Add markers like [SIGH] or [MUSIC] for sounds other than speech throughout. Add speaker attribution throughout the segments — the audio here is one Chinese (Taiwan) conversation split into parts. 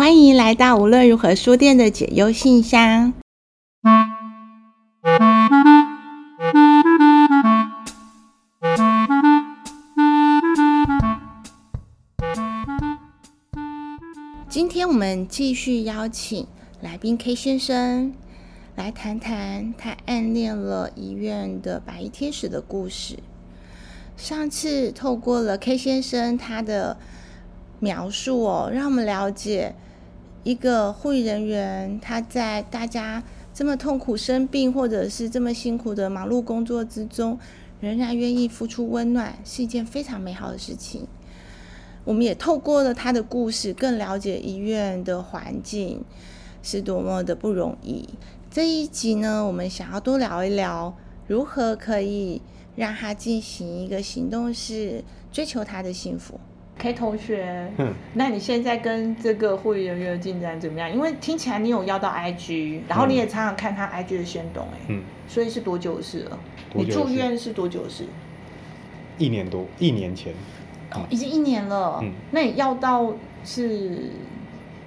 Speaker 1: 歡迎來到無論如河書店的解憂信箱。今天我們繼續邀請來賓 K 先生來談談他暗戀了醫院的白衣天使的故事。上次透過了 K 先生他的描述哦，讓我們了解。一個護理人員，他在大家這麼痛苦生病，或者是這麼辛苦的忙碌工作之中，仍然願意付出溫暖，是一件非常美好的事情。我們也透過了他的故事，更了解醫院的環境是多麼的不容易。這一集呢，我們想要多聊一聊，如何可以讓他進行一個行動，是追求他的幸福。K 同學，哼那你現在跟這個護理人員的進展怎麼樣？因為聽起來你有要到 IG，然後你也常常看他 IG 的限動，欸嗯，所以是多久的事了？你住院是多久的事？
Speaker 2: 一年多，一年前，
Speaker 1: 哦，已經一年了，嗯，那你要到是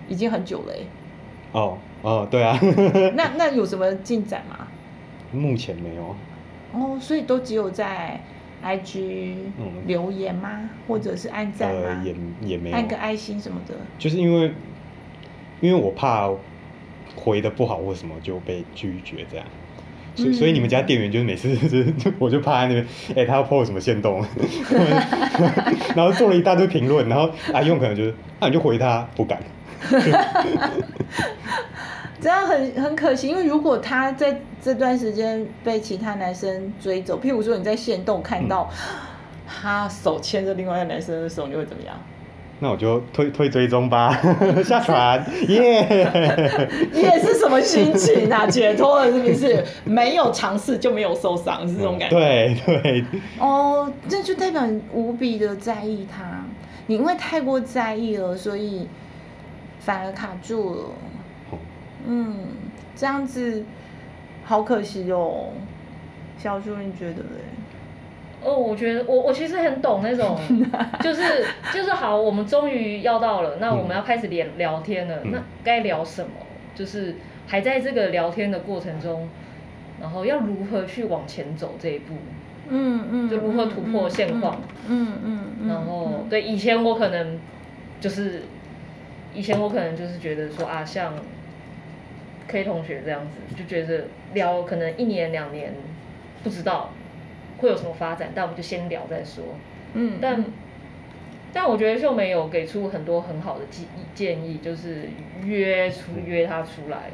Speaker 1: 已經很久了，
Speaker 2: 欸，哦，哦，對啊，
Speaker 1: [LAUGHS] 那那有什麼進展嗎？
Speaker 2: 目前沒有，
Speaker 1: 哦，所以都只有在 I G 留言嗎？嗯、或者是按讚、呃、
Speaker 2: 也也沒有按個
Speaker 1: 愛心什麼的。
Speaker 2: 就是因為，因為我怕回的不好或什麼就被拒絕這樣，嗯、所以所以你們家店員就是每次就是我就趴在那邊，哎、欸，他要 PO 什麼限動， [LAUGHS] [LAUGHS] 然後做了一大堆評論，然後阿、啊、用可能就是那、啊、你就回他不敢。 [LAUGHS] [LAUGHS]
Speaker 1: 這樣很很可惜，因為如果他在這段時間被其他男生追走，譬如說你在限動看到、嗯、他手牽着另外一個男生的時候，你會怎麼樣？
Speaker 2: 那我就退退追蹤吧， [LAUGHS] 下船，耶！ [LAUGHS] Yeah!
Speaker 1: [LAUGHS] 你也是什麼心情啊？解脫了是不是？沒有嘗試就沒有受傷，是這種感
Speaker 2: 覺。
Speaker 1: 對、嗯、對。哦，那、oh, 就代表你無比的在意他，你因為太過在意了，所以反而卡住了。嗯，這樣子，好可
Speaker 3: 惜哦，小朱，你覺得咧？哦，我覺得我我其實很懂那種， [LAUGHS] 就是就是好，我們終於要到了，那我們要開始聊聊天了，嗯、那該聊什麼？就是還在這個聊天的過程中，然後要如何去往前走這一步？嗯嗯，嗯就如何突破現況嗯嗯，嗯嗯嗯然後對，以前我可能就是，以前我可能就是覺得說啊，像。K 同學這樣子就覺得聊可能一年兩年，不知道會有什麼發展，但我們就先聊再說。嗯，但但我覺得秀美有給出很多很好的建建議，就是約出約她出來，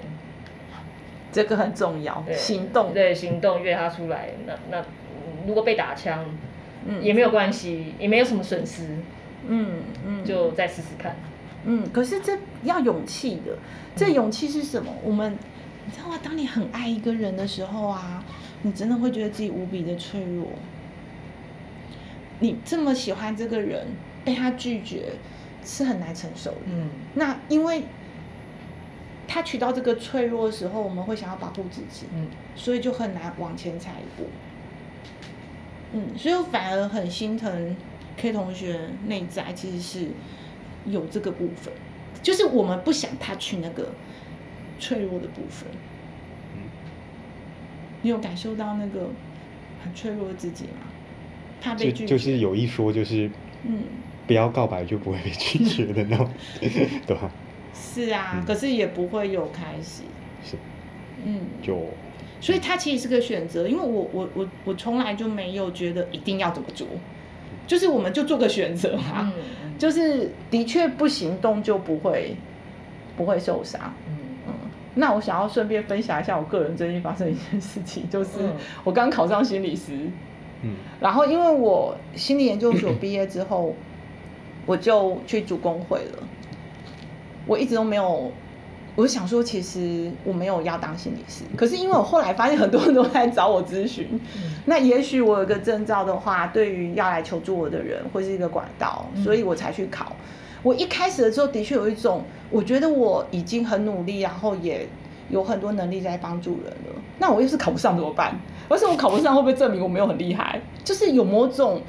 Speaker 3: 這個很重要，對行動對行動約她出來。那那如果被打槍，嗯，
Speaker 1: 嗯也沒有
Speaker 3: 關係，也沒有什麼損失，嗯嗯，嗯就再試試看。
Speaker 1: 嗯，可是這要勇氣的，這勇氣是什麼？嗯、我們你知道嗎？當你很愛一個人的時候啊，你真的會覺得自己無比的脆弱。你這麼喜歡這個人，被他拒絕是很難承受的。嗯，那因為，他取到這個脆弱的時候，我們會想要保護自己，嗯，所以就很難往前踩一步。嗯，所以我反而很心疼 K 同學內在其實是。有這個部分，就是我們不想 touch 那個脆弱的部分。嗯，你有感受到那個很脆弱的自己嗎？怕被拒絕就，就是
Speaker 2: 有一說就是，
Speaker 1: 嗯，
Speaker 2: 不要告白就不會被拒絕的那種，對吧？
Speaker 1: 是啊，嗯，可是也不會有開始。是，嗯，就所以，他其實是個選擇，因為我我我我從來就沒有覺得一定要怎麼做，就是我們就做個選擇嘛。嗯就是的確不行動就不會不會受傷。嗯，嗯，那我想要順便分享一下我個人最近發生的一件事情，就是我剛考上心理師。嗯，然後因為我心理研究所畢業之後，嗯、我就去組工會了。我一直都沒有。我想說，其實我沒有要當心理師，可是因為我後來發現很多人都在找我諮詢，嗯、那也許我有個證照的話，對於要來求助我的人會是一個管道，所以我才去考。嗯、我一開始的時候的確有一種，我覺得我已經很努力，然後也有很多能力在幫助人了。那我又是考不上怎麼辦？而且我考不上會不會證明我沒有很厲害？嗯、就是有某種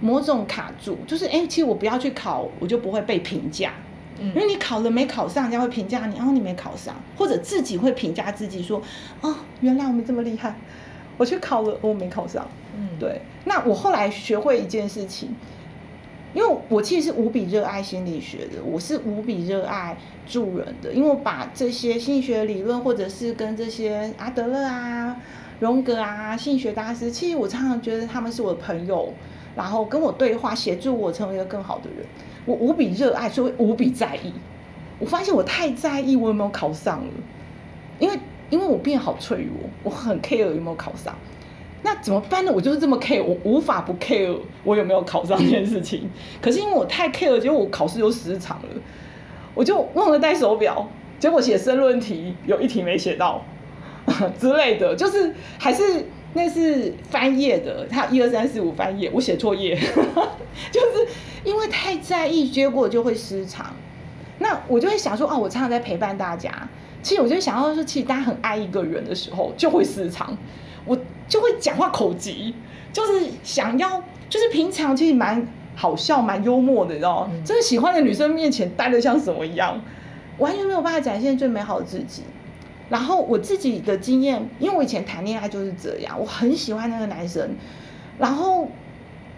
Speaker 1: 某種卡住，就是誒、欸，其實我不要去考，我就不會被評價。因為你考了沒考上，人家會評價你，哦，你沒考上，或者自己會評價自己說，哦，原來我們這麼厲害，我去考了，我、哦、沒考上。嗯，對。那我後來學會一件事情，因為我其實是無比熱愛心理學的，我是無比熱愛助人的，因為我把這些心理學理論，或者是跟這些阿德勒啊、榮格啊、心理學大師，其實我常常覺得他們是我的朋友，然後跟我對話，協助我成為一個更好的人。我無比熱愛，所以無比在意。我發現我太在意我有沒有考上了，因為因為我變好脆弱，我很 care 有沒有考上。那怎麼辦呢？我就是這麼 care，我無法不 care 我有沒有考上這件事情。 [LAUGHS] 可是因為我太 care，結果我考試又失常了，我就忘了帶手錶，結果寫申論題有一題沒寫到呵呵之類的，就是還是。那是翻頁的，他有一二三四五翻頁，我寫錯頁，就是因為太在意，結果就會失常。那我就會想說，哦、啊，我常常在陪伴大家，其實我就想要說，其實大家很愛一個人的時候，就會失常，我就會講話口急，就是想要，就是平常其實蠻好笑、蠻幽默的，你知道，就是喜歡的女生面前待的像什麼一樣，完全沒有辦法展現最美好的自己。然後我自己的經驗，因為我以前談戀愛就是這樣，我很喜歡那個男生，然後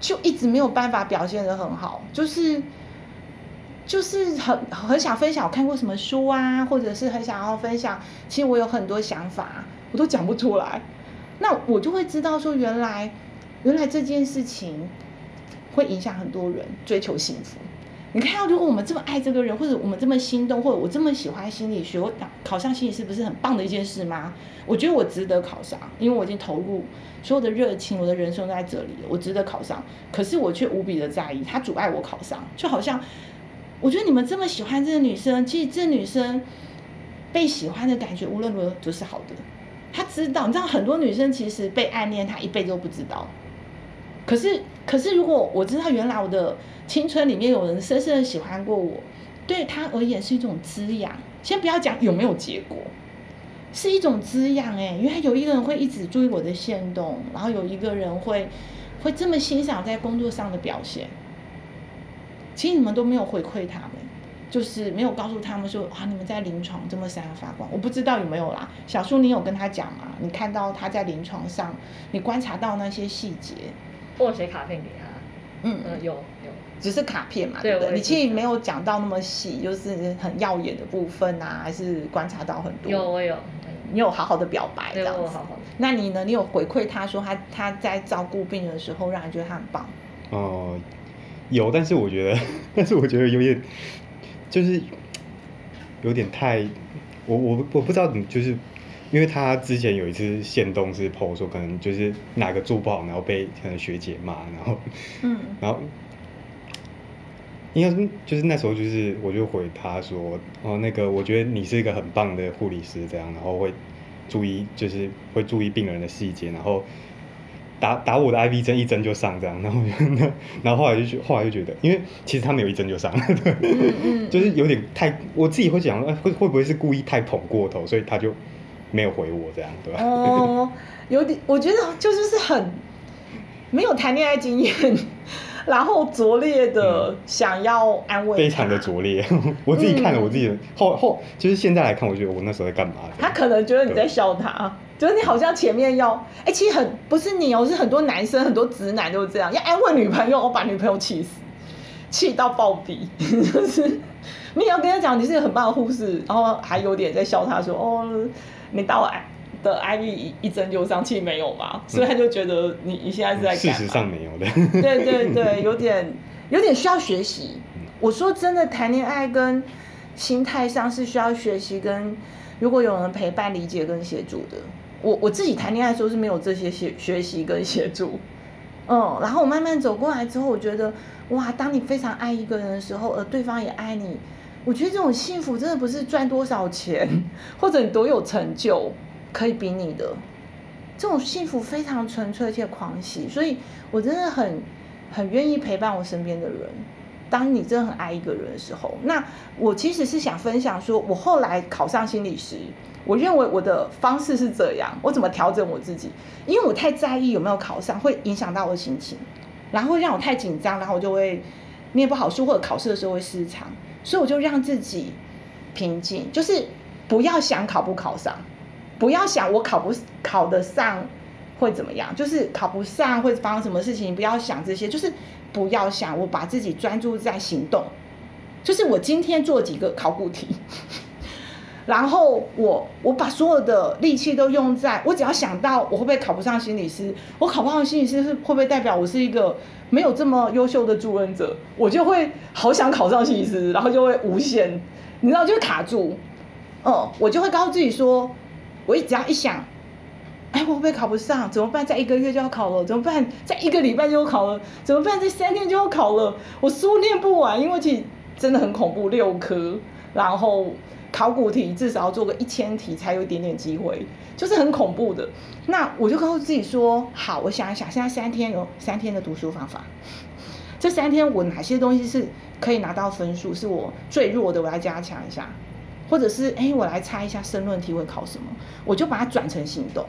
Speaker 1: 就一直沒有辦法表現得很好，就是就是很很想分享我看過什麼書啊，或者是很想要分享，其實我有很多想法，我都講不出來，那我就會知道說，原來原來這件事情會影響很多人追求幸福。你看，如果我們這麼愛這個人，或者我們這麼心動，或者我這麼喜歡心理學，我考上心理師不是很棒的一件事嗎？我覺得我值得考上，因為我已經投入所有的熱情，我的人生都在這裡了，我值得考上。可是我卻無比的在意，他阻礙我考上，就好像我覺得你們這麼喜歡這個女生，其實這個女生被喜歡的感覺無論如何都是好的。她知道，你知道很多女生其實被暗戀，她一輩子都不知道。可是，可是，如果我知道原來我的青春裡面有人深深的喜歡過我，對他而言是一種滋養。先不要講有沒有結果，是一種滋養欸。因為有一個人會一直注意我的行動，然後有一個人會會這麼欣賞在工作上的表現。其實你們都沒有回饋他們，就是沒有告訴他們說啊，你們在臨床這麼閃閃發光。我不知道有沒有啦。小叔，你有跟他講嗎？你看到他在臨床上，你觀察到那些細節。
Speaker 3: 我寫卡片給他，嗯嗯有、呃、
Speaker 1: 有，有，只是卡片嘛，對的，對不對？你其實沒有講到那麼細，就是很耀眼的部分啊，還是觀察到很多。有我有，嗯、你有好好的表白對這樣子，好好，那你呢？你有回饋他說他他在照顧病人的時候，讓人覺得他很棒。
Speaker 2: 哦，有，但是我覺得，但是我覺得有點，就是有點太，我我我不知道你就是。因為他之前有一次限動是 PO，說可能就是哪個做不好，然後被可能學姐罵，然後，嗯，然後，應該就是那時候就是我就回他說哦那個我覺得你是一個很棒的護理師，這樣然後會注意就是會注意病人的細節，然後打打我的 IV 針一針就上這樣，然後然後後來就後來就覺得，因為其實他沒有一針就上，嗯嗯、 [LAUGHS] 就是有點太我自己會想會會不會是故意太捧過頭，所以他就。沒有回我這樣，對吧？哦，
Speaker 1: 有點，我覺得就是是很沒有談戀愛經驗，然後拙劣的想要安慰、嗯，非
Speaker 2: 常的拙劣。我自己看了，嗯、我自己後後，就是現在來看，我覺得我那時候在幹嘛？
Speaker 1: 他可能覺得你在笑他，覺得對你好像前面要哎、欸，其實很不是你哦，是很多男生，很多直男都是這樣，要安慰女朋友，我、哦、把女朋友氣死，氣到暴斃，就是你要跟他講，你是一個很棒的護士，然後還有點在笑他說，說哦。沒到愛的愛意一一陣就上去沒有嗎？所以他就覺得你你現在是在、嗯。事實上
Speaker 2: 沒
Speaker 1: 有的。 [LAUGHS] 對對對，有點有點需要學習。嗯、我說真的，談戀愛跟心態上是需要學習，跟如果有人陪伴、理解跟協助的。我我自己談戀愛的時候是沒有這些學學習跟協助。嗯，然後我慢慢走過來之後，我覺得哇，當你非常愛一個人的時候，而對方也愛你。我覺得這種幸福真的不是賺多少錢或者你多有成就可以比擬的，這種幸福非常純粹，且狂喜。所以我真的很很願意陪伴我身邊的人。當你真的很愛一個人的時候，那我其實是想分享說，說我後來考上心理師，我認為我的方式是這樣，我怎麼調整我自己？因為我太在意有沒有考上，會影響到我的心情，然後會讓我太緊張，然後我就會。念不好書，或者考試的時候會失常，所以我就讓自己平靜，就是不要想考不考上，不要想我考不考得上會怎麼樣，就是考不上會發生什麼事情，不要想這些，就是不要想，我把自己專注在行動，就是我今天做幾個考古題。然後我我把所有的力氣都用在，我只要想到我會不會考不上心理師，我考不上心理師是會不會代表我是一個沒有這麼優秀的助人者，我就會好想考上心理師，然後就會無限，你知道就會卡住，嗯，我就會告訴自己說，我只要一想，哎，我會不會考不上？怎麼辦？再一個月就要考了，怎麼辦？再一個禮拜就要考了，怎麼辦？再三天就要考了，我書念不完，因為其實真的很恐怖，六科，然後。考古題至少要做個一千題才有一點點機會，就是很恐怖的。那我就告訴自己說：好，我想一想，現在三天有三天的讀書方法，這三天我哪些東西是可以拿到分數？是我最弱的，我要加強一下，或者是哎，我來猜一下申論題會考什麼？我就把它轉成行動。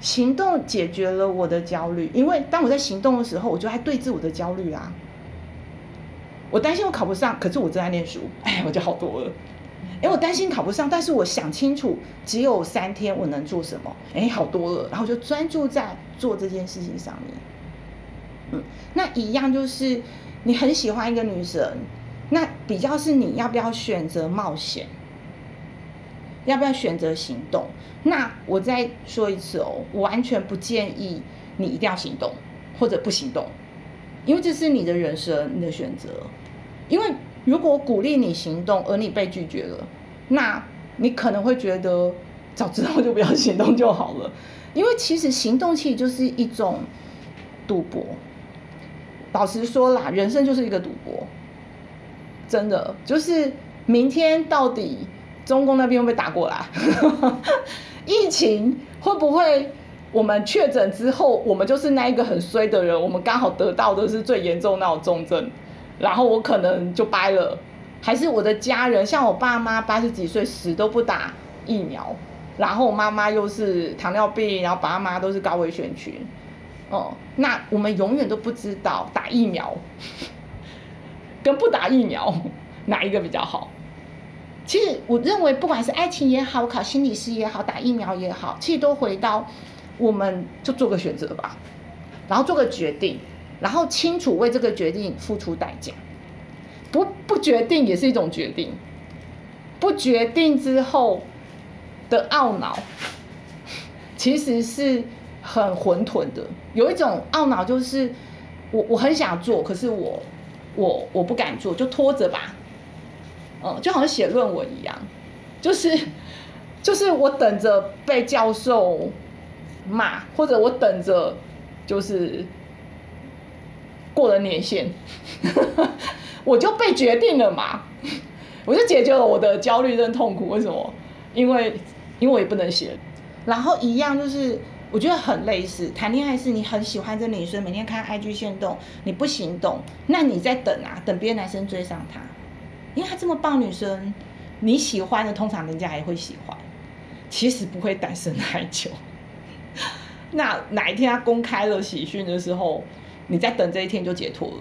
Speaker 1: 行動解決了我的焦慮，因為當我在行動的時候，我就在對峙我的焦慮啊。我擔心我考不上，可是我正在念書，哎，我就好多了。哎、嗯欸，我擔心考不上，但是我想清楚，只有三天我能做什麼，哎、欸，好多了。然後就專注在做這件事情上面。嗯，那一樣就是你很喜歡一個女生，那比較是你要不要選擇冒險，要不要選擇行動？那我再說一次哦，我完全不建議你一定要行動或者不行動，因為這是你的人生，你的選擇。因為如果鼓勵你行動，而你被拒絕了，那你可能會覺得早知道就不要行動就好了。因為其實行動其實就是一種賭博。老實說啦，人生就是一個賭博，真的。就是明天到底中共那邊會不會打過來？ [LAUGHS] 疫情會不會我們確診之後，我們就是那一個很衰的人？我們剛好得到的是最嚴重的那種重症。然後我可能就掰了，還是我的家人，像我爸媽八十幾歲死都不打疫苗，然後我媽媽又是糖尿病，然後爸媽都是高危人群，哦，那我們永遠都不知道打疫苗跟不打疫苗哪一個比較好。其實我認為，不管是愛情也好，考心理師也好，打疫苗也好，其實都回到我們就做個選擇吧，然後做個決定。然後清楚為這個決定付出代價，不不決定也是一種決定，不決定之後的懊惱，其實是很混沌的。有一種懊惱就是，我我很想做，可是我我我不敢做，就拖着吧，嗯，就好像寫論文一樣，就是就是我等着被教授罵，或者我等着就是。過了年限， [LAUGHS] 我就被決定了嘛， [LAUGHS] 我就解決了我的焦慮跟痛苦。為什麼？因為，因為我也不能寫。然後一樣就是，我覺得很類似。談戀愛是你很喜歡這女生，每天看 IG 限動，你不行動，那你在等啊，等別的男生追上她。因為她這麼棒女生，你喜歡的通常人家也會喜歡。其實不會單身太久。 [LAUGHS] 那哪一天他公開了喜訊的時候，你在等這一天就解脫了，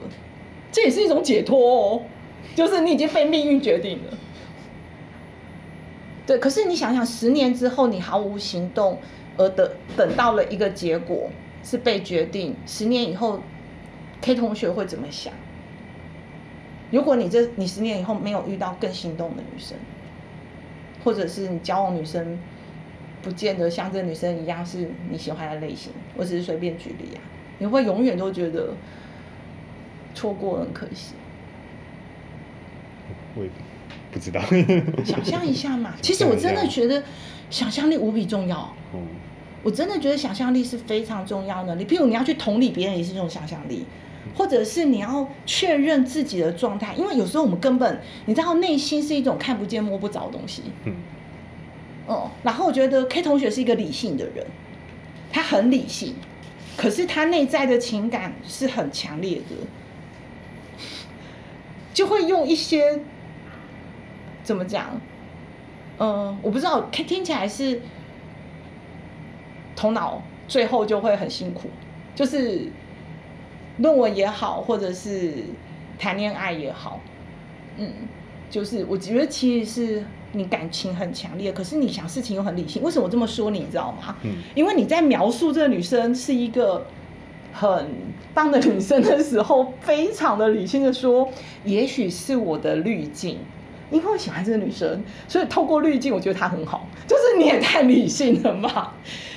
Speaker 1: 這也是一種解脫哦，就是你已經被命運決定了。對，可是你想想，十年之後你毫無行動而等，等到了一個結果是被決定。十年以後，K 同學會怎麼想？如果你這你十年以後沒有遇到更心動的女生，或者是你交往女生，不見得像這個女生一樣是你喜歡的類型，我只是隨便舉例啊。你會永遠都覺得錯過很可惜，
Speaker 2: 我也不知道。想象一
Speaker 1: 下嘛，其實我真的覺得想象力無比重要。嗯，我真的覺得想象力是非常重要的。你譬如你要去同理別人，也是這種想象力，或者是你要確認自己的狀態，因為有時候我們根本你知道內心是一種看不見摸不着的東西。嗯，哦，然後我覺得 K 同學是一個理性的人，他很理性。可是他內在的情感是很強烈的，就會用一些怎麼講？嗯，我不知道，聽聽起來是頭腦最後就會很辛苦，就是論文也好，或者是談戀愛也好，嗯，就是我覺得其實是。你感情很強烈，可是你想事情又很理性。為什麼我這麼說你？你知道嗎？嗯，因為你在描述這個女生是一個很棒的女生的時候，非常的理性的說， [LAUGHS] 也許是我的濾鏡，因為我喜歡這個女生，所以透過濾鏡，我覺得她很好。就是你也太理性了嘛。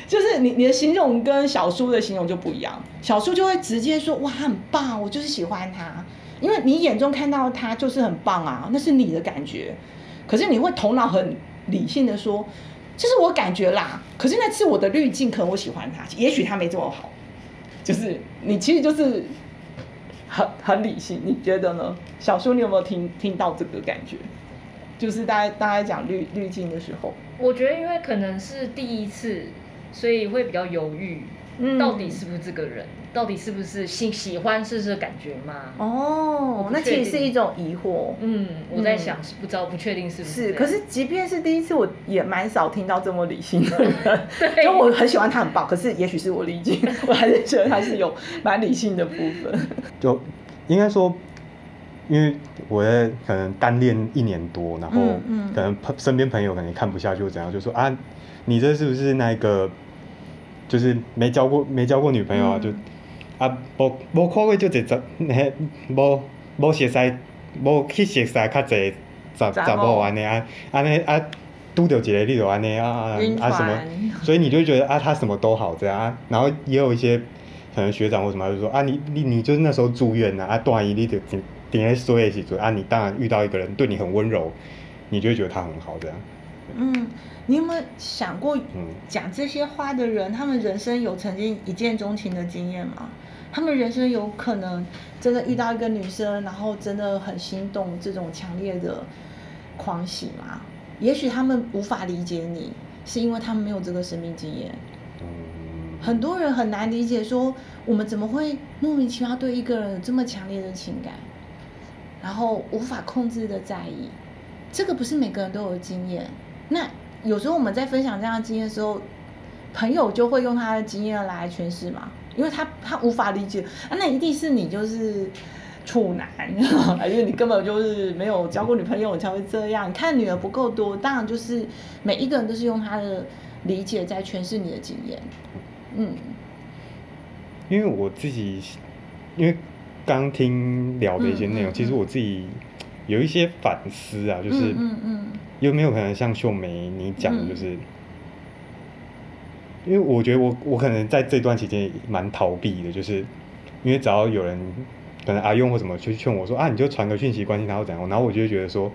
Speaker 1: 就是你你的形容跟小蘇的形容就不一樣。小蘇就會直接說：“哇，她很棒，我就是喜歡她。”因為你眼中看到她就是很棒啊，那是你的感覺。可是你會頭腦很理性的說，就是我感覺啦。可是那次我的濾鏡，可能我喜歡他，也許他沒這麼好。就是你其實就是很很理性，你覺得呢？小叔你有沒有聽聽到這個感覺？就是大家大家講濾濾鏡的時候，
Speaker 3: 我覺得因為可能是第一次，所以會比較猶豫，到底是不是這個人。嗯到底是不是喜喜歡是這感覺嘛？哦、oh，那其實是一種疑惑。嗯，我在想，嗯、不知道，不確定是不是。是，可是
Speaker 1: 即便是第一次，我也蠻少聽到這麼理性的人對。對。因為 [LAUGHS] 我很喜歡他，很棒。可是也許是我理性，我還是覺得他是有蠻理性的部
Speaker 2: 分。就應該說，因為我在可能單戀一年多，然後可能朋身邊朋友可能也看不下去怎樣，就說啊，你這是不是那個？就是沒交過沒交過女朋友啊？就、嗯。啊，無無看過就儕十，迄無無熟悉，無去熟悉較儕十十某安尼啊，安尼啊，拄着一個你著安尼啊啊啊，團啊什麼，所以你就覺得啊，他什麼都好這樣、啊，然後也有一些可能學長或什麼就說啊你，你你你就是那時候住院啊，啊段，段醫你頂頂下衰的時陣，啊，你當然遇到一個人對你很溫柔，你就會覺得他很好這樣。
Speaker 1: 嗯，你有沒有想過，講這些話的人，他們人生有曾經一見鍾情的經驗嗎？他們人生有可能真的遇到一個女生，然後真的很心動，這種強烈的狂喜嗎？也許他們無法理解你，是因為他們沒有這個生命經驗。很多人很難理解，說我們怎麼會莫名其妙對一個人有這麼強烈的情感，然後無法控制的在意，這個不是每個人都有經驗。那有時候我們在分享這樣的經驗的時候，朋友就會用他的經驗來詮釋嘛，因為他他無法理解啊，那一定是你就是處男，因為你根本就是沒有交過女朋友才會這樣，看女兒不夠多，當然就是每一個人都是用他的理解在詮釋你的經驗。
Speaker 2: 嗯，因為我自己，因為剛聽聊的一些內容，嗯嗯嗯，其實我自己有一些反思啊，就是嗯，嗯嗯。有沒有可能像秀梅你講的，就是因為我覺得我我可能在這段期間蠻逃避的，就是因為只要有人，可能阿用或什麼去勸我說啊，你就傳個訊息關心他或怎樣，然後我就會覺得說，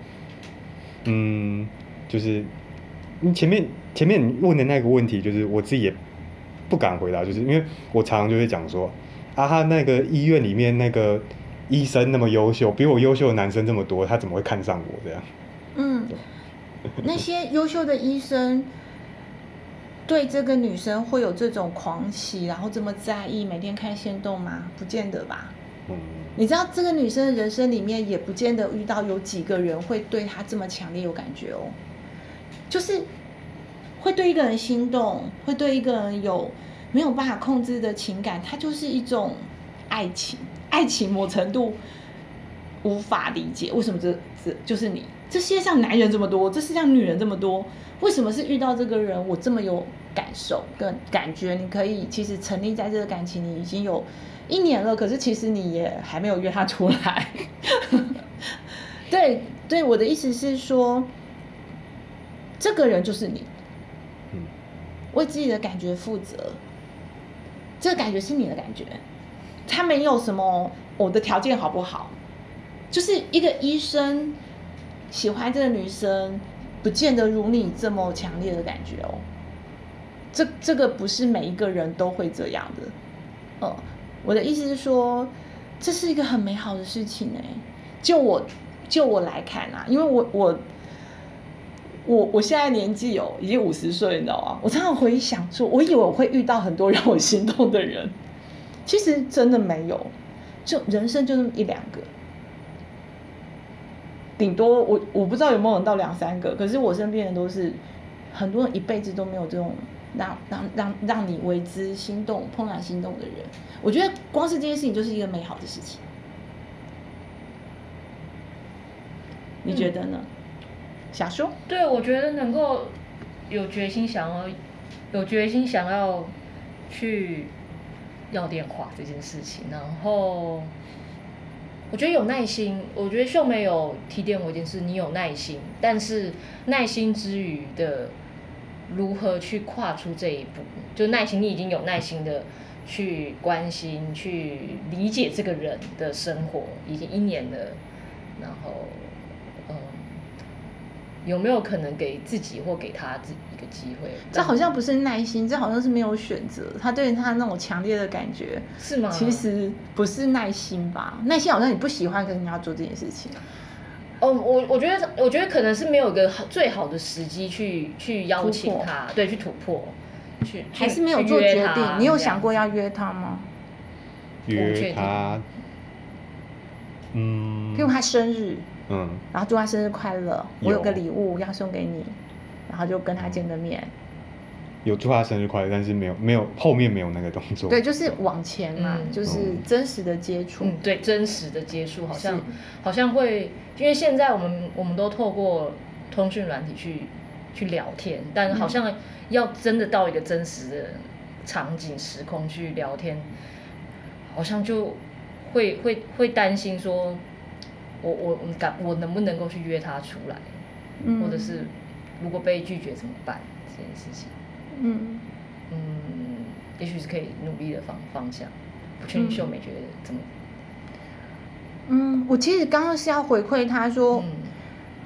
Speaker 2: 嗯，就是你前面前面你問的那個問題，就是我自己也不敢回答，就是因為我常常就會講說，啊他那個醫院裡面那個醫生那麼優秀，比我優秀的男生這麼多，他怎麼會看上我這樣？嗯。
Speaker 1: 那些優秀的醫生對這個女生會有這種狂喜，然後這麼在意，每天看限動嗎？不見得吧。嗯。你知道這個女生的人生裡面，也不見得遇到有幾個人會對她這麼強烈有感覺哦。就是會對一個人心動，會對一個人有沒有辦法控制的情感，它就是一種愛情。愛情某程度無法理解，為什麼這這就是你？這世界上男人這麼多，這世界上女人這麼多，為什麼是遇到這個人我這麼有感受跟感覺？你可以其實沉溺在這個感情裡已經有一年了，可是其實你也還沒有約他出來。 [LAUGHS] [LAUGHS] [LAUGHS] 對對，我的意思是說，這個人就是你，嗯，為自己的感覺負責，這個感覺是你的感覺，他沒有什麼我、哦、的條件好不好？就是一個醫生。喜歡這個女生，不見得如你這麼強烈的感覺哦。這這個不是每一個人都會這樣的，哦、嗯。我的意思是說，這是一個很美好的事情哎。就我，就我來看啊，因為我我我我現在年紀有、哦，已經五十歲，你知道嗎？我常常回想說，我以為我會遇到很多讓我心動的人，其實真的沒有，就人生就那麼一兩個。頂多我我不知道有沒有人到兩三個，可是我身邊人都是很多人一輩子都沒有這種讓讓讓讓你為之心動怦然心動的人。我覺得光是這件事情就是一個美好的事情，你覺得
Speaker 3: 呢？嗯，想說？對，我覺得能夠有決心想要有決心想要去要電話這件事情，然後。我覺得有耐心。我覺得秀沒有提點我一件事，你有耐心，但是耐心之餘的，如何去跨出這一步？就耐心，你已經有耐心的去關心、去理解這個人的生活，已經一年了，然後。有沒有可能給自己或給他自己一個機會？這好像
Speaker 1: 不是耐心，這好像是沒有選擇。他對他那種強烈的感覺，是嗎？其實不是耐
Speaker 3: 心吧？耐心好像你不喜歡跟人家做這件事情。哦，我我覺得我覺得可能是沒有一個最好的時機去去邀請他，突破。對，去突破，去還是沒有做決定。你有想
Speaker 1: 過要約他嗎？
Speaker 2: 約他，我確定。嗯，因
Speaker 1: 為他生日。嗯，然後祝他生日快樂，有我有個禮物要送給你，然後就跟他見個面。
Speaker 2: 嗯、有祝他生日快樂，但是沒有沒有後面沒有那個動作。對，就
Speaker 3: 是往前嘛，嗯嗯、就是真實的接觸。嗯、對，真實的接觸好像好像會，因為現在我們我們都透過通訊軟體去去聊天，但好像要真的到一個真實的場景時空去聊天，好像就會會會擔心說。我我我敢，我能不能夠去約他出來，
Speaker 2: 嗯、或者是
Speaker 3: 如果被拒絕怎麼辦這件事情？嗯嗯，也許是可以努力的方方向。不確定秀美覺得怎麼？嗯，
Speaker 1: 我其實剛剛是要回饋他說，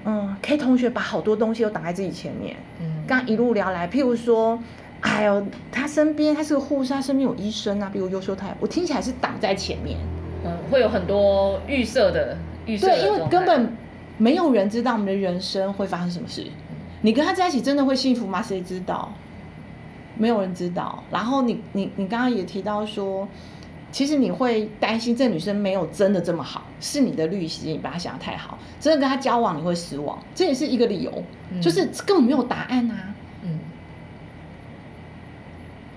Speaker 1: 嗯，K、嗯、同學把好多東西都擋在自己前面。嗯，剛一路聊來，譬如說，哎呦，他身邊，他是個護士，他身邊有醫生啊。比如優秀太，我聽起來是擋在前面。
Speaker 3: 嗯，會有很多預設的。對，因為根
Speaker 1: 本沒有人知道我們的人生會發生什麼事。嗯、你跟他在一起真的會幸福嗎？誰知道？沒有人知道。然後你你你剛剛也提到說，其實你會擔心這女生沒有真的這麼好，是你的濾鏡，你把她想得太好，真的跟他交往你會失望，這也是一個理由，嗯、就是根本沒有答案啊。嗯。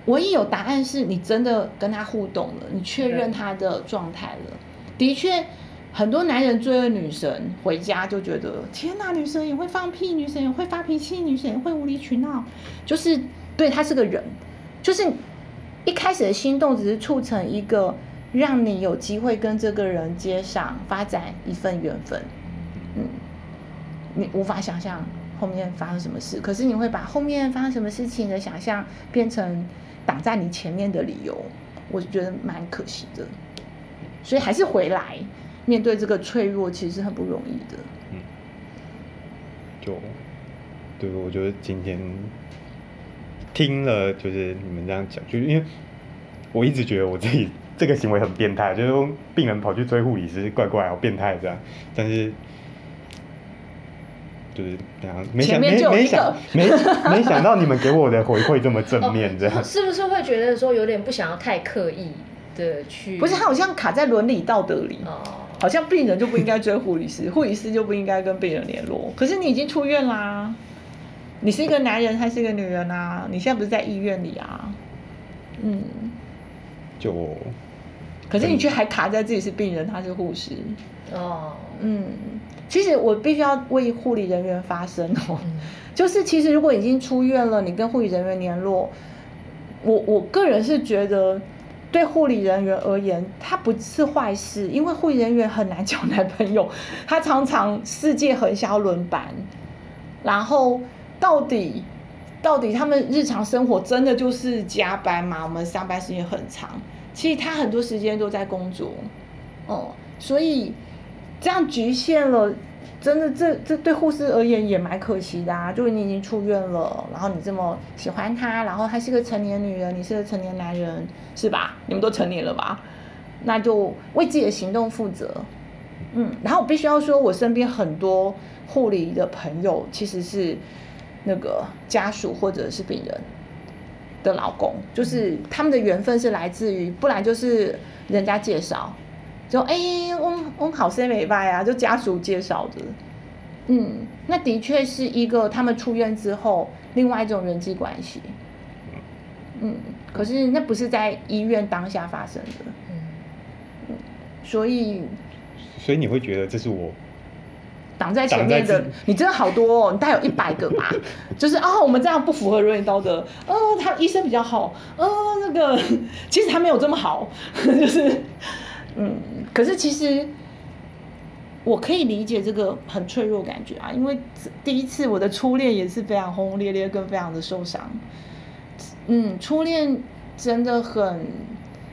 Speaker 1: 唯一有答案是你真的跟他互動了，你確認他的狀態了，嗯、的確。很多男人追了女神回家就覺得天哪，女神也會放屁，女神也會發脾氣，女神也會無理取鬧，就是對他是個人，就是一開始的心動只是促成一個讓你有機會跟這個人接上，發展一份緣分。
Speaker 3: 嗯，
Speaker 1: 你無法想象後面發生什麼事，可是你會把後面發生什麼事情的想象變成擋在你前面的理由，我覺得蠻可惜的，所以還是回來。面對這個脆弱，其實很不容易的。
Speaker 2: 嗯，就，對，我覺得今天聽了就是你們這樣講，就是因為我一直覺得我自己這個行為很變態，就是病人跑去追護理師怪怪、哦，好變態這樣。但是就是這樣，沒想沒想 [LAUGHS] 沒想到你們給我的回饋這麼正面這樣、哦哦。是
Speaker 3: 不是會覺得說有點不想要太刻意的去？不是，他好像卡在倫理
Speaker 1: 道德裡、哦好像病人就不應該追護理師 [LAUGHS] 護理師就不應該跟病人聯絡。可是你已經出院啦，啊，你是一個男人還是一個女人啊？你現在不是在醫院裡啊？嗯，
Speaker 2: 就可，可是你卻還
Speaker 1: 卡在自己是病人，他是護士。哦，嗯，嗯，其實我必須要為護理人員發聲哦。嗯，就是其實如果已經出院了，你跟護理人員聯絡，我我個人是覺得。對護理人員而言，他不是壞事，因為護理人員很難找男朋友。他常常世界很小，輪班，然後到底到底他們日常生活真的就是加班嗎？我們上班時間很長，其實他很多時間都在工作，哦、嗯，所以這樣局限了。真的，這這對護士而言也蠻可惜的啊！就是你已經出院了，然後你這麼喜歡她，然後她是個成年女人，你是個成年男人，是吧？你們都成年了吧？那就為自己的行動負責。嗯，然後我必須要說，我身邊很多護理的朋友其實是那個家屬或者是病人的老公，就是他們的緣分是來自於，不然就是人家介紹。就哎，翁、欸、翁好生沒拜啊，就家屬介紹的，
Speaker 3: 嗯，那
Speaker 1: 的確是一個他們出院之後另外一種人際關係，嗯，可是那不是在醫院當下發生的，嗯，所以，
Speaker 2: 所以你會覺得這是我
Speaker 1: 擋在前面的，在你真的好多，哦，你大概有一百個吧， [LAUGHS] 就是啊、哦，我們這樣不符合倫理道德。嗯、哦，他醫生比較好，嗯、哦，那個其實他沒有這麼好，就是。嗯，可是其實我可以理解這個很脆弱感覺啊，因為第一次我的初戀也是非常轟轟烈烈跟非常的受傷。嗯，初戀真的很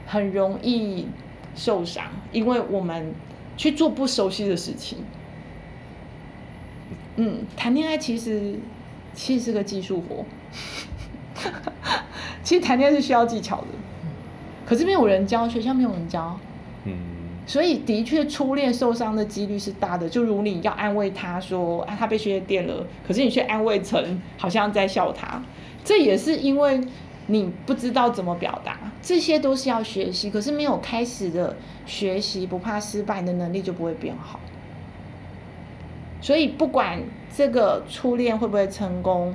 Speaker 1: 很容易受傷，因為我們去做不熟悉的事情。嗯，談戀愛其實其實是個技術活， [LAUGHS] 其實談戀愛是需要技巧的，可是沒有人教，學校沒有人教。嗯，所以的確，初戀受傷的幾率是大的。就如你要安慰他說，啊，他被雪電了，可是你卻安慰成好像在笑他。這也是因為你不知道怎麼表達，這些都是要學習。可是沒有開始的學習，不怕失敗的能力就不會變好。所以不管這個初戀會不會成功，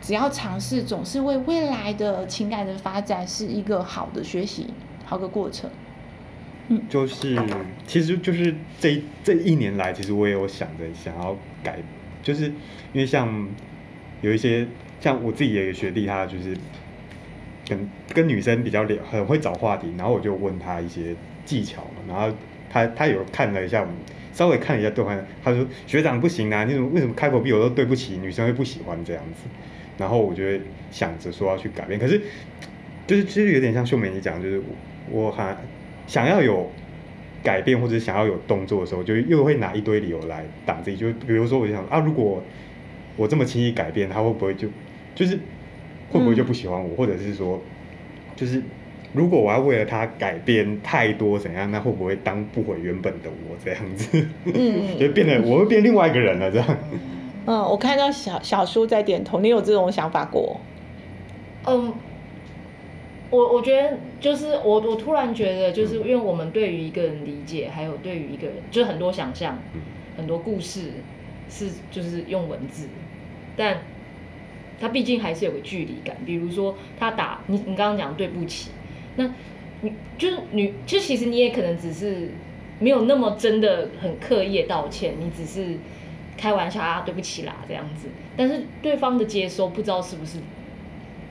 Speaker 1: 只要嘗試，總是為未來的情感的發展是一個好的學習，好的過程。
Speaker 2: 就是，其實就是這一這一年來，其實我也有想着想要改，就是因為像有一些像我自己的學弟，他就是跟跟女生比較聊，很會找話題，然後我就問他一些技巧，然後他他有看了一下，稍微看了一下對方，他說，學長不行啊，那種為什麼開口閉口都對不起，女生會不喜歡這樣子，然後我就想着說要去改變，可是就是其實、就是、有點像秀美你講，就是我，我還，想要有改變或者想要有動作的時候，就又會拿一堆理由來擋自己。就比如說，我想啊，如果我這麼輕易改變，他會不會就就是會不會就不喜歡我？嗯、或者是說，就是如果我要為了他改變太多怎樣，那會不會當不回原本的我這樣子？嗯、 [LAUGHS] 就變得我會變另外一個人了這樣。嗯，
Speaker 1: 我看到小小叔在點頭，你有這種想法過？
Speaker 3: 嗯。我我覺得就是我我突然覺得就是因為我們對於一個人理解，還有對於一個人，就很多想象，很多故事是就是用文字，但他畢竟還是有個距離感。比如說他打你，你剛剛講對不起，那你就你，就其實你也可能只是沒有那麼真的很刻意道歉，你只是開玩笑啊對不起啦這樣子，但是對方的接收不知道是不是。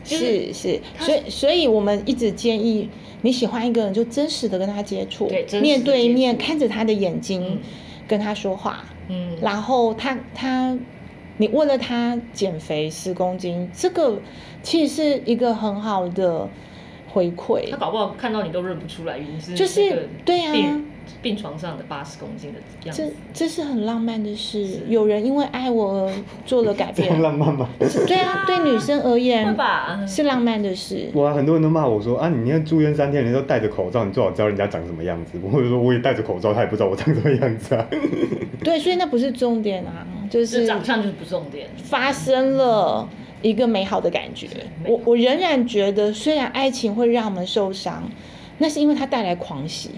Speaker 3: 是
Speaker 1: 是，所以所以我們一直建議，你喜歡一個人就真實的跟他接觸，對，面對面看着他的眼睛，跟他說話，
Speaker 3: 嗯，
Speaker 1: 然後他他，你為了他減肥十公斤，這個其實是一個很好的
Speaker 3: 回饋。他搞不好看到你都認不出來，是就是對呀、啊。病床上的八十公斤
Speaker 1: 的樣子這，這這是很浪漫的事。是有人因為愛我而做了改變，很
Speaker 2: 浪漫吧？對啊，啊
Speaker 1: 對女生而言，吧是浪漫的事。
Speaker 2: 哇，很多人都罵我說啊，你應該住院三天，你都戴着口罩，你最好知道人家長什麼樣子。或者說我也戴着口罩，他也不知道我長什麼樣子啊。
Speaker 1: 對，所以那不是重點啊，就是長相就是不重點。發生了一個美好的感覺，我我仍然覺得，雖然愛情會讓我們受傷，那是因為它帶來狂喜。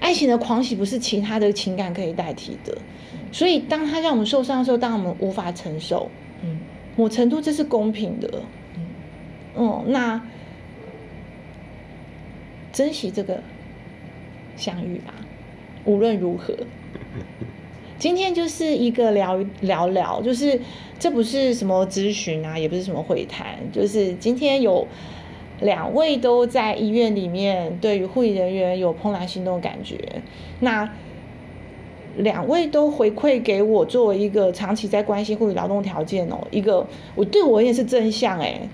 Speaker 1: 愛情的狂喜不是其他的情感可以代替的，嗯、所以當他讓我們受傷的時候，當我們無法承受，嗯，某程度這是公平的，嗯，嗯，那珍惜這個相遇吧、啊，無論如何， [LAUGHS] 今天就是一個聊聊聊，就是這不是什麼諮詢啊，也不是什麼會談，就是今天有。兩位都在醫院裡面，對於護理人員有怦然心動感覺。那兩位都回饋給我，作為一個長期在關心護理勞動條件哦，一個我對我也是正向哎、欸，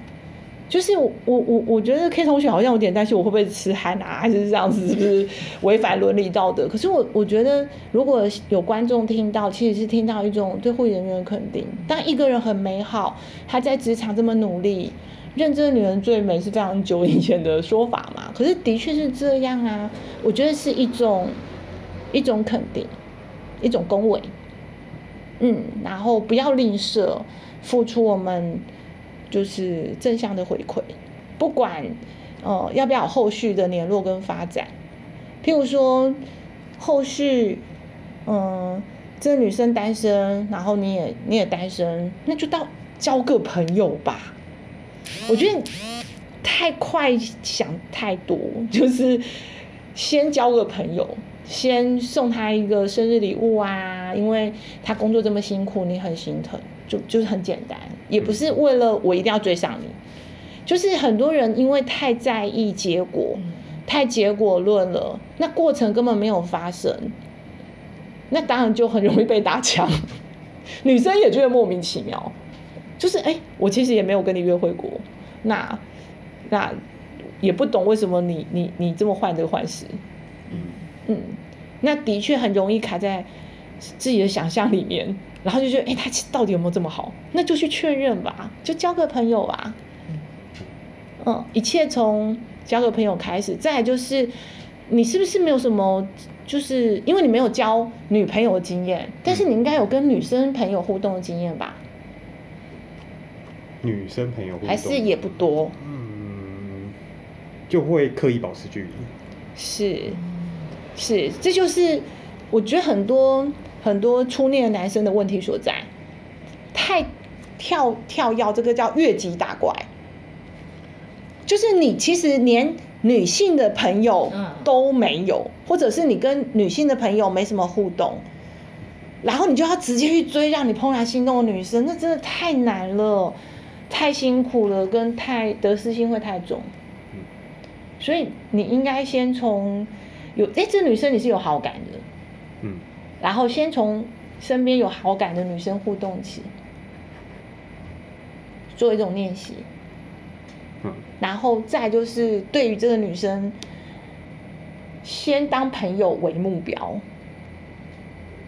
Speaker 1: 就是我我我覺得 K 同學好像有點擔心，我會不會痴漢啊，還是這樣子是不是違反倫理道德？可是我我覺得如果有觀眾聽到，其實是聽到一種對護理人員的肯定。當一個人很美好，他在職場這麼努力。認真女人最美，是非常久以前的說法嘛？可是的確是這樣啊！我覺得是一種一種肯定，一種恭維。嗯，然後不要吝嗇付出，我們就是正向的回饋。不管哦、呃、要不要有後續的聯絡跟發展，譬如說後續嗯、呃、這女生單身，然後你也你也單身，那就當交個朋友吧。我覺得太快想太多，就是先交個朋友，先送他一個生日禮物啊，因為他工作這麼辛苦，你很心疼，就就是很簡單，也不是為了我一定要追上你，就是很多人因為太在意結果，太結果論了，那過程根本沒有發生，那當然就很容易被打槍。女生也覺得莫名其妙。就是哎、欸，我其實也沒有跟你約會過，那那也不懂為什麼你你你這麼患得患失，嗯，嗯，那的確很容易卡在自己的想象裡面，然後就覺得哎，她、欸、到底有沒有這麼好？那就去確認吧，就交個朋友啊，嗯，一切從交個朋友開始。再來就是你是不是沒有什麼，就是因為你沒有交女朋友的經驗，嗯、但是你應該有跟女生朋友互動的經驗吧？
Speaker 2: 女生朋友還是也不多，嗯，就會刻意保持距離。
Speaker 1: 是，是，這就是我覺得很多很多初戀男生的問題所在，太跳跳要這個叫越級打怪，就是你其實連女性的朋友都沒有，嗯、或者是你跟女性的朋友沒什麼互動，然後你就要直接去追讓你怦然心動的女生，那真的太難了。太辛苦了，跟太得失心會太重，嗯，所以你應該先從有哎、欸，這女生你是有好感的，嗯，然後先從身邊有好感的女生互動起，做一種練習，嗯，然後再就是對於這個女生，先當朋友為目標。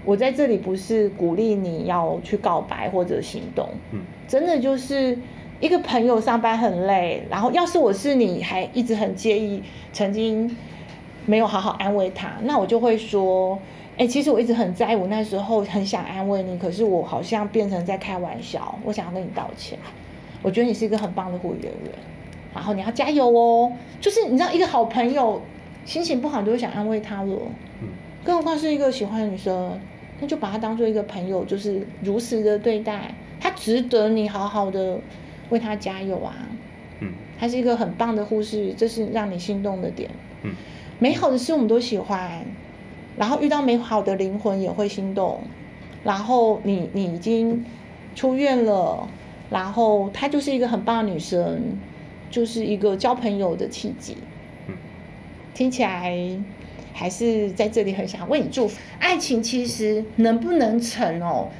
Speaker 1: 我在這裡不是鼓勵你要去告白或者行動，嗯，真的就是一個朋友上班很累，然後要是我是你，還一直很介意曾經沒有好好安慰他，那我就會說，哎、欸，其實我一直很在乎，我那時候很想安慰你，可是我好像變成在開玩笑，我想要跟你道歉，我覺得你是一個很棒的護理人員，然後你要加油哦，就是你知道一個好朋友心情不好你就會想安慰他了，更何況是一個喜歡的女生。那就把她當做一個朋友，就是如實的對待她，她值得你好好的為她加油啊。嗯，她是一個很棒的護士，這是讓你心動的點。嗯，美好的事我們都喜歡，然後遇到美好的靈魂也會心動。然後你你已經出院了，然後她就是一個很棒的女生，就是一個交朋友的契機。嗯，聽起來。還是在這裡很想為你祝福。愛情其實能不能成哦、喔，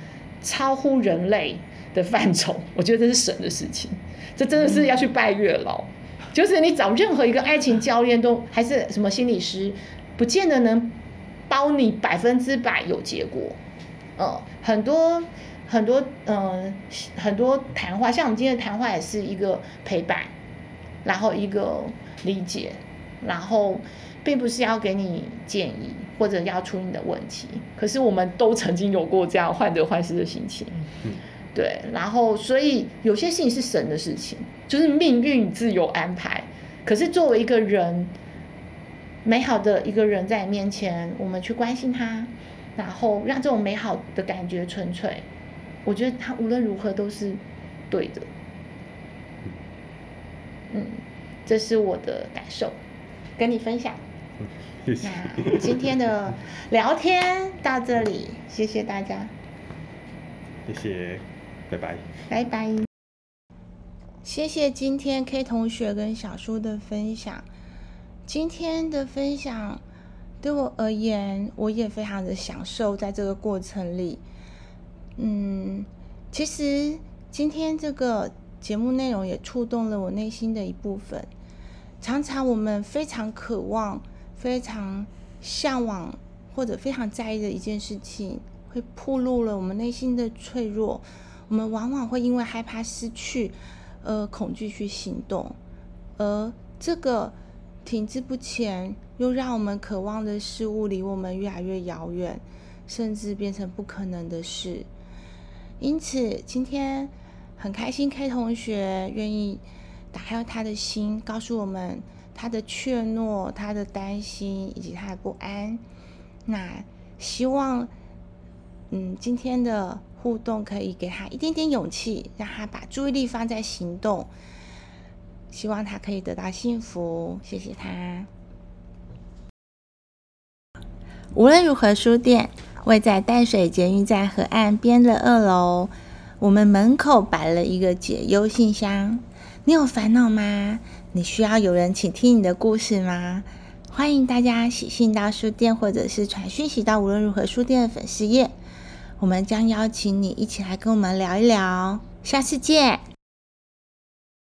Speaker 1: 超乎人類的範疇，我覺得這是神的事情。這真的是要去拜月老，嗯、就是你找任何一個愛情教練，都還是什麼心理師，不見得能包你百分之百有結果。嗯，很多很多嗯、呃、很多談話，像我們今天談話也是一個陪伴，然後一個理解。然後，並不是要給你建議，或者要出你的問題。可是我們都曾經有過這樣患得患失的心情，
Speaker 3: 嗯、對。
Speaker 1: 然後，所以有些事情是神的事情，就是命運自有安排。可是作為一個人，美好的一個人在你面前，我們去關心他，然後讓這種美好的感覺純粹。我覺得他無論如何都是對的。嗯，這是我的感受。跟你分享，
Speaker 2: 謝謝。那今天
Speaker 1: 的聊天到這裡， [LAUGHS] 謝謝大家。謝
Speaker 2: 謝，拜拜。
Speaker 1: 拜拜。謝謝今天 K 同學跟小叔的分享。今天的分享對我而言，我也非常的享受在這個過程裡。嗯，其實今天這個節目內容也觸動了我內心的一部分。常常我們非常渴望、非常嚮往或者非常在意的一件事情，會暴露了我們內心的脆弱。我們往往會因為害怕失去而恐懼去行動，而這個停滯不前又讓我們渴望的事物離我們越來越遙遠，甚至變成不可能的事。因此，今天很開心，K 同學願意。還有他的心告訴我們，他的怯懦、他的擔心以及他的不安。那希望，嗯，今天的互動可以給他一點點勇氣，讓他把注意力放在行動。希望他可以得到幸福。謝謝他。無論如何，書店位在淡水捷運站河岸邊的二樓，我們門口擺了一個解憂信箱。你有煩惱嗎？你需要有人傾聽你的故事嗎？歡迎大家寫信到書店，或者是傳訊息到無論如河書店的粉絲頁，我們將邀請你一起來跟我們聊一聊。下次見。